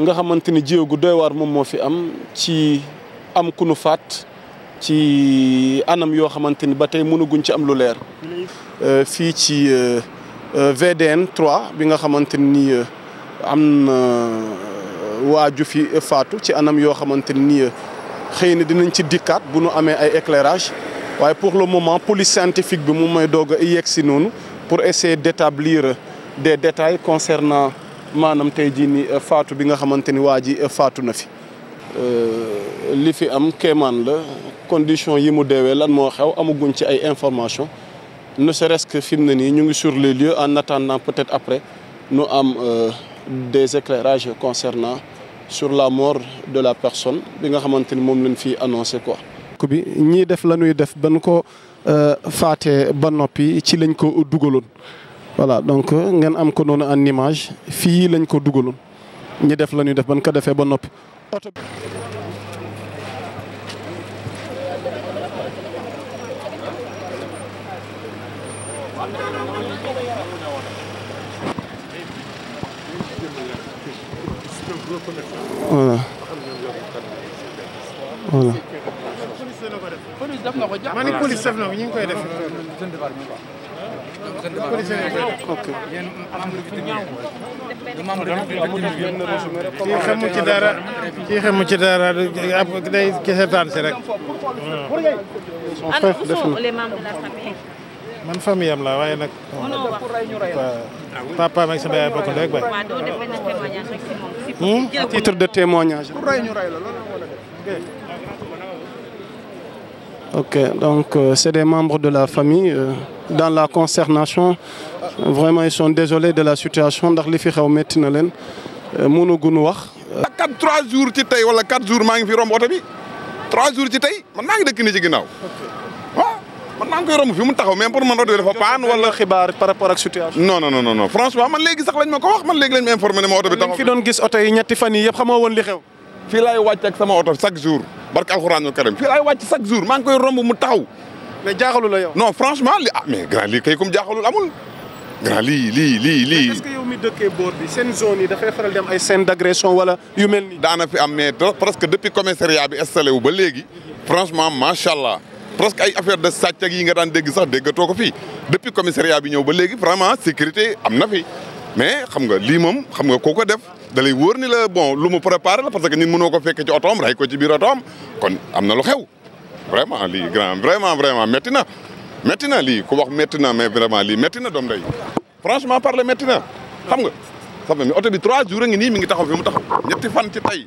nga xamante ni jéego gu doy waar moom moo fi am ci am ku nu faat ci anam yoo xamante ni ba tey mënaguñ ci am lu leer. Euh, fii ci euh, euh, VDN 3 bi nga xamante ni am na waaju fi faatu ci anam yoo xamante ni xëy na dinañ ci dikkaat bu nu amee ay éclairage waaye pour le moment police scientifique bi mu mooy doog a yegg si noonu pour essayer d'établir des détails concernant. maanaam tey jii ni euh, faatu bi nga xamante ni waa ji euh, faatu na fi euh, li fi am kéemaan la condition yi mu deewee lan moo xew amaguñ ci ay information ne serait-ce que fi mu ne nii ñu ngi sur les lieux en attendant peut-être après nu am des éclairages concernant sur la mort de la personne bi nga xamante ni moom lañ fi annoncé quoi. bi ñii def la ñuy def ban ko faatee ba noppi ci lañ ko dugaloon. voilà donc euh, ngeen am ko noonu en image fii lañ ko dugaloon ñi def la ñuy def ban ko defee ba noppi oto bi kii xamu ci dara kii xamu ci dara day ki seetaan si rek. son frère deful man famille am la waaye papa ak sama yaay bokk bay. titre de témoignage. ok donc euh, c'est des membres de la famille. Euh, dans la consternation vraiment ils sont désolés de la situation ndax li fi xew métti na leen euh, mënaguñu wax. ah quatre trois jours ci tey wala quatre jours maa ngi fi romb oto bi trois jours ci tey man maa dëkk ni ci ginnaaw. waaw ah, man koy romb fi mu taxaw mais pour man oto bi dafa paan wala. xibaar par rapport ak situation. no non non non franchement man sax lañ ko wax man léegi lañ ma informé ne ma oto bi. taxaw fi doon gis oto yi ñetti fan yii xamoo woon li xew. fii laay jour barke alxuraanul karim fii wàcc chaque jour maa ngi koy romb mu taxaw mais jaaxalul la yow. non franchement li ah mais grand lii kay comme jaaxalul amul. grand li lii lii lii. est seen zone yi dafay ay scène d'agression wala yu mel nii. daana fi am mais presque depuis commissariat bi installé wu ba léegi. franchement macha allah. presque ay affaire de sàcc yi nga daan dégg sax déggatoo ko fi depuis commissariat bi ñëw ba léegi vraiment sécurité am na fi mais xam nga lii moom xam nga koo ko def da lay wóor ni la bon lu mu préparé la parce que nit mënoo ko fekk ci otoom rey ko ci biir otoom kon am na lu xew. vraiment lii grand vraiment vraiment métti na métti na lii ku wax métti na mais vraiment lii métti na doom day franchement parler métti na xam nga xam nga oto bi trois jours a ngi nii mi ngi taxaw fi mu taxaw ñetti fan ci tey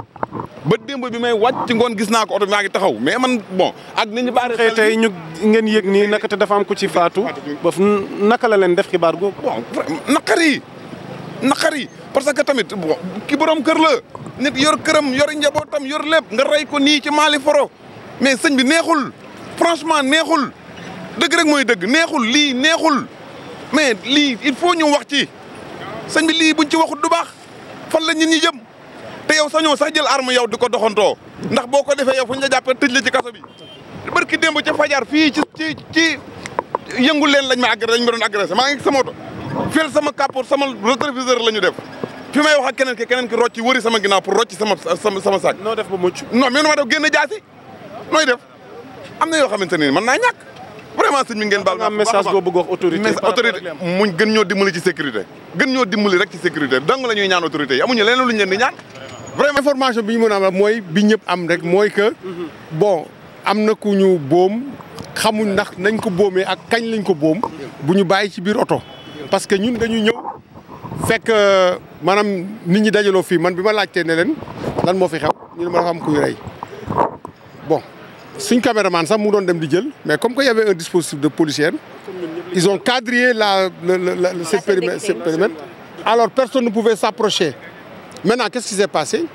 ba démb bi may wàcc ci ngoon gis naa ko oto bi maa ngi taxaw mais man bon ak ni ñu bari tey ñu ngeen yëg nii naka te dafa am ku ci faatu ba naka la leen def xibaar googu bon naqar yi naqar yi parce que tamit bon ki borom kër la nit yor këram yor njabootam yor lépp nga rey ko nii ci maali foro mais sëñ bi neexul franchement neexul dëgg rek mooy dëgg neexul lii neexul mais lii il faut ñu wax ci sëñ bi lii buñ ci waxut du baax fan la nit ñi jëm te yow sañoo sax jël arme yow di ko doxantoo ndax boo ko defee yow fu ñu la jàppee tëj la ci kaso bi barki démb ca fajar fii ci ci ci yëngul leen lañ ma agressé lañ ma doon agressé maa ngi sama oto fii sama capot sama rétroviseur la ñu def fi may wax ak keneen ki keneen ki rocci wëri sama ginnaaw pour rocci sama sama sama noo def ba mucc non mais nu ma def génn nooy def am na yoo xamante ne mën naa ñàkk vraiment sëñ mi ngeen baal ma message boo bëgg wax autorité autorité muñ gën ñoo dimbali ci sécurité gën ñoo dimbali rek ci sécurité dong la ñuy ñaan autorité yi amuñu leneen lu ñu leen di ñaan vraiment information bi ñu mën a am mooy bi ñëpp am rek mooy que bon am na ku ñu boom xamuñ ndax nañ ko boomee ak kañ lañ ko boom bu ñu bàyyi ci biir oto parce que ñun dañuy ñëw fekk euh, maanaam nit ñi dajaloo fii man bi ma laajtee ne leen lan moo fi xew ñu ma dafa am kuy rey suñ caméraman sax mu doon dem di jël mais comme que y avait un dispositif de policière ils ont quadrillé la la la périmètre alors personne ne pouvait s'approcher maintenant qu'est-ce qui s'est passé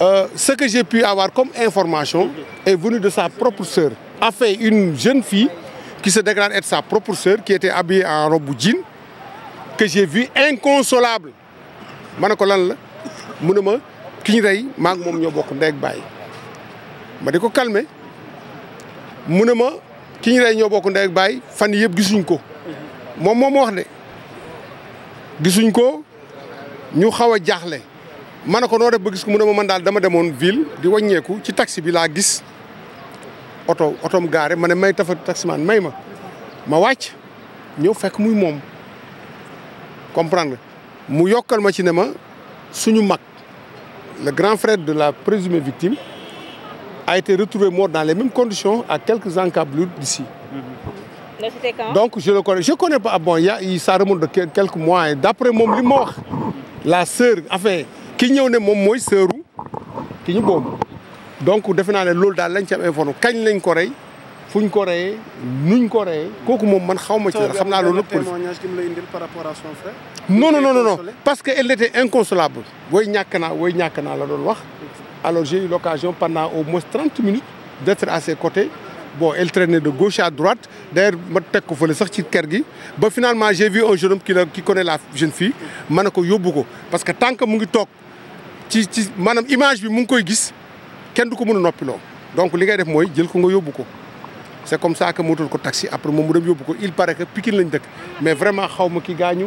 euh, ce que j'ai pu avoir comme information est venu de sa propre sœur enfin une jeune fille qui se déclare être sa propre sœur qui était habillée en robe jean que j'ai vu inconsolable ma ne ko lan la mu ne ma ki ñu rey maa moom ñoo bokk ndey ak baay ma di ko calmer mu ne ma ki ñu rey ñoo bokk ndey ak baay fan yëpp gisuñ ko moom moom wax de gisuñ ko ñu xaw a jaaxle ma ne ko noo def ba gis ko mu ne ma man daal dama demoon ville di wàññeeku ci taxi bi laa gis oto otoom gaare ma ne may tafa taximaan may ma ma wàcc ñëw fekk muy moom comprendre mu yokkal ma ci ne ma suñu mag le grand frère de la présumée victime a été retrouvé mort dans les mêmes conditions à quelques encablures d'ici. Mmh. donc je le connais je connais pas ah bon y a ça remonte de quelques mois et d'après moom li ma wax la sœur enfin ki ñëw ne moom mooy seeru ki ñu donc defe naa ne loolu daal lañ ci am informé kañ lañ ko rey fuñ ko reyee nuñ ko reyee kooku moom man xaw ma ci xam naa loolu lépp témoignage gi mu lay parce que elle était inconsolable. way ñàkk naa way ñàkk naa la doon wax. Alors j'ai eu l'occasion au moins 30 minutes d'être à ses côtés. Bon, elle traînait de gauche à droite. D'ailleurs, je suis sorti de Kergui. Bon, finalement, j'ai vu un jeune homme la qui connaît la jeune ko Je ko Parce que tant que ngi toog ci maanaam image bi mu ngi koy gis kenn du ko mun a noppiloo donc li ngay def mooy jël ko nga yóbbu ko c' est comme ça que mootal ko taxi après moom mu dem yóbbu ko il paraît que Pikine lañ dëkk mais vraiment xaw ma ki gaañu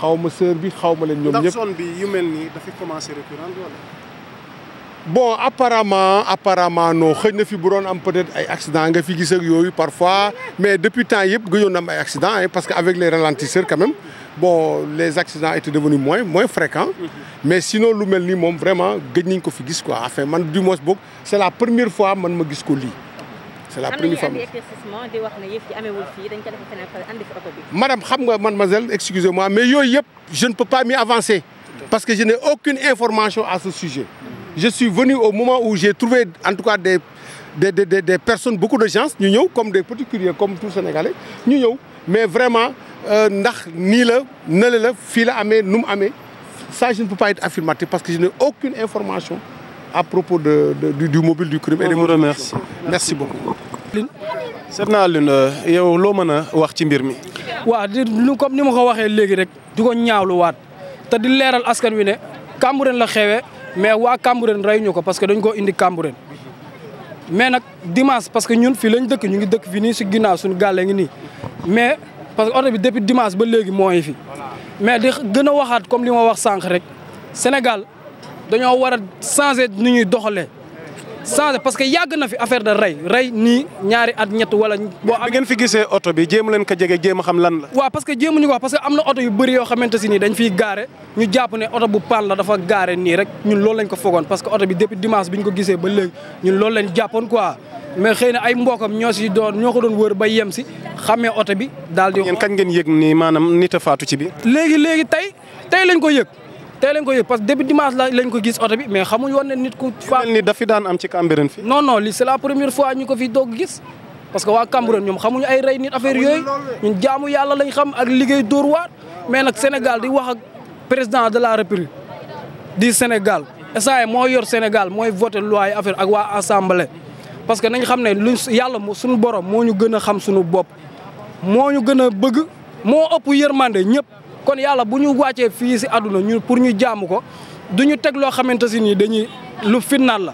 xaw ma sœur bi xaw ma leen ñoom ñëpp. ndax bi yu mel nii commencé récurrent bon apparemment apparemment no xëy na fi bu doon am peut-être ay accident nga fi gis ak yooyu parfois mais depuis temps yëpp gëjoon am ay accident parce que avec les ralentisseurs quand même bon les accidents étaient devenus moins moins fréquents mais sinon lu mel ni moom vraiment gëj nañ ko fi gis quoi enfin man du moins boog c'est la première fois man ma gis ko lii c'est la première fois di wax ne yëf yi amewul fii dañ mademoiselle excusez-moi mais yooyu yëpp je ne peux pas m'y avancer parce que je n'ai aucune information à ce sujet je suis venu au moment ou j'ai trouvé en tout cas des des des des personnes beaucoup de gens ñu ñëw comme des petits curieux comme tout Sénégalais ñu ñëw mais vraiment euh, ndax nii la nële la fii la amee nu mu amee ça je ne peux pas parce que je n'ai aucune information à propos de, de du, du mobile du crime. et des remercie merci beaucoup. seet naa Alioune euh, yow loo mën a wax ci mbir mi. waaw comme ni ma ko waxee léegi rek. di ko ñaawluwaat te di leeral askan wi ne Cambérène la xewee. mais waa Cambérène rey ñu ko parce que dañ ko indi Cambérène mais nag dimanche parce que ñun fii lañ dëkk ñu ngi dëkk fii nii si ginnaaw suñu gàlle ngi nii mais parce que oto bi depuis dimanche ba léegi mooy fi mais di gën a waxaat comme li ma wax sànq rek Sénégal dañoo war a changer ni ñuy doxalee changé parce que yàgg na fi affaire de rey rey nii ñaari at ñett wala. boo am ngeen fi gisee oto bi jéem leen ko jege jéem a xam lan la. waaw parce que jéem ñu ko wax parce que am na oto yu bëri yoo xamante si nii dañ fiy gaare ñu jàpp ne oto bu pan la dafa gaare nii rek ñun loolu lañ ko foogoon parce que oto bi depuis dimanche bi ñu ko gisee ba léegi ñun loolu lañ jàppoon quoi. mais xëy na ay mbokam ñoo si doon ñoo ko doon wër ba yem si xamee oto bi daal di. ngeen kañ ngeen yéeg nii maanaam nit a faatu ci bi. léegi léegi tey tey lañ ko yëg te lañ ko yëg parce que début dimanche la lañ ko gis oto bi mais xamuñ woon ne nit ku faatu ni dafi daan am ci Cambérène fi non non li c'est la première fois ñu ko fi doog gis parce que waa Cambérène ñoom xamuñu ay rey nit affaire yooyu ñun jaamu yàlla lañ xam ak liggéey dóor waat mais nag Sénégal di wax ak président de la République di Sénégal essayé moo yor Sénégal mooy voté loi affaire ak waa assemblée parce que nañ xam ne luñ yàlla suñu borom moo ñu gën a xam suñu bopp moo ñu gën a bëgg moo ëpp yërmande ñëpp kon yàlla bu ñu wàccee fii si àdduna ñu pour ñu jaamu ko du ñu teg loo xamante si nii dañuy lu fitnaal la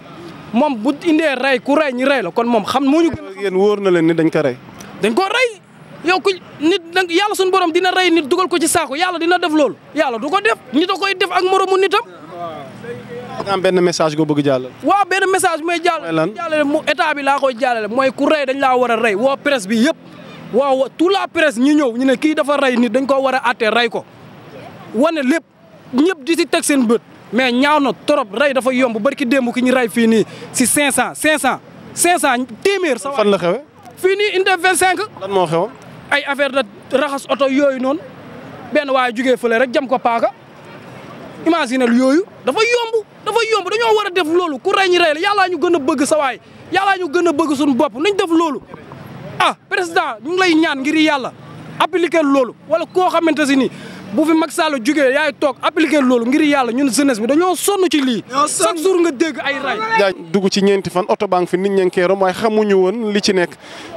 moom bu indee rey ku rey ñi rey la kon moom xam moo ñu. yéen wóor na leen ni dañ ko rey. dañ ko rey yow ku nit yàlla suñu borom dina rey nit dugal ko ci saako yàlla dina def loolu yàlla du ko def nit a koy def ak moromu nitam. nga am benn message go bëgg jàllale. waa benn message mooy jàllale. mooy lan mu état bi laa ko jàllale mooy ku rey dañ laa war a rey woo presse bi yëpp. waaw tout la presse ñu ñëw ñu ne kii dafa ray nit dañ ko war a àtte rey ko wane lépp ñëpp di si teg seen bët mais ñaaw na trop rey dafa yomb barki démb ki ñu rey fii nii si 500 500 500 téeméer. sa fan la xewe fii nii inde 25. lan moo xewoon. ay affaire de raxas oto yooyu noonu benn waaye jugee fële rek jam ko paaka imagine lu yooyu dafa yomb dafa yomb dañoo war a def loolu ku rey ñi rey la yàllaa ñu gën bëgg sawaay waay yàllaa ñu gën a bëgg suñu bopp nañ def loolu. ah président ñu ngi lay ñaan ngir yàlla appliquer loolu wala koo xamante si nii bu fi Macky saalo jugee yaay toog appliqué loolu ngir yàlla ñun jeunesse bi dañoo sonn ci lii. chaque jour nga dégg ay ray. jaaj dugg ci ñeenti fan oto baa ngi fi nit ña ngi koy romb waaye xamuñu woon li ci nekk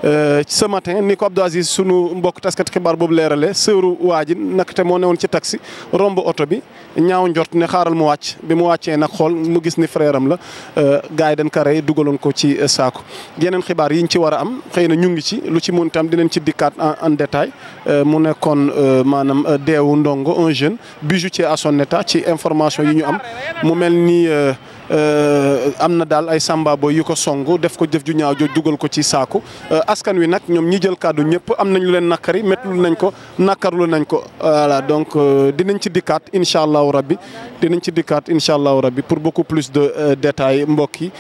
euh, ce matin ni ko Abdou Aziz sunu mbokk taskat xibaar boobu leerale sëru waa ji nag te moo newoon ci taxi romb oto bi ñaaw njort ne xaaral mu wàcc bi mu wàccee nag xool mu gis ni frère am la euh, gars yi dañ ko rey dugaloon ko ci saako. yeneen xibaar yiñ ci war a am xëy na ñu ngi ci lu ci mën tam dinañ ci dikkaat en en détail euh, mu nekkoon maanaam deewu ndongo un jeune ci à son état ci information yi ñu am mu mel ni euh, euh, am na daal ay samba boy yu ko song def ko jëf ju ñaaw jo dugal ko ci saaku euh, askan wi nag ñoom ñi jël kàddu ñëpp am nañu leen nakari métlu nañ ko nakarlu nañ ko voilà donc dinañ ci dikkaat incha allahu rabbi dinañ ci dikkaat incha allahu rabbi pour beaucoup plus de détails mbokk yi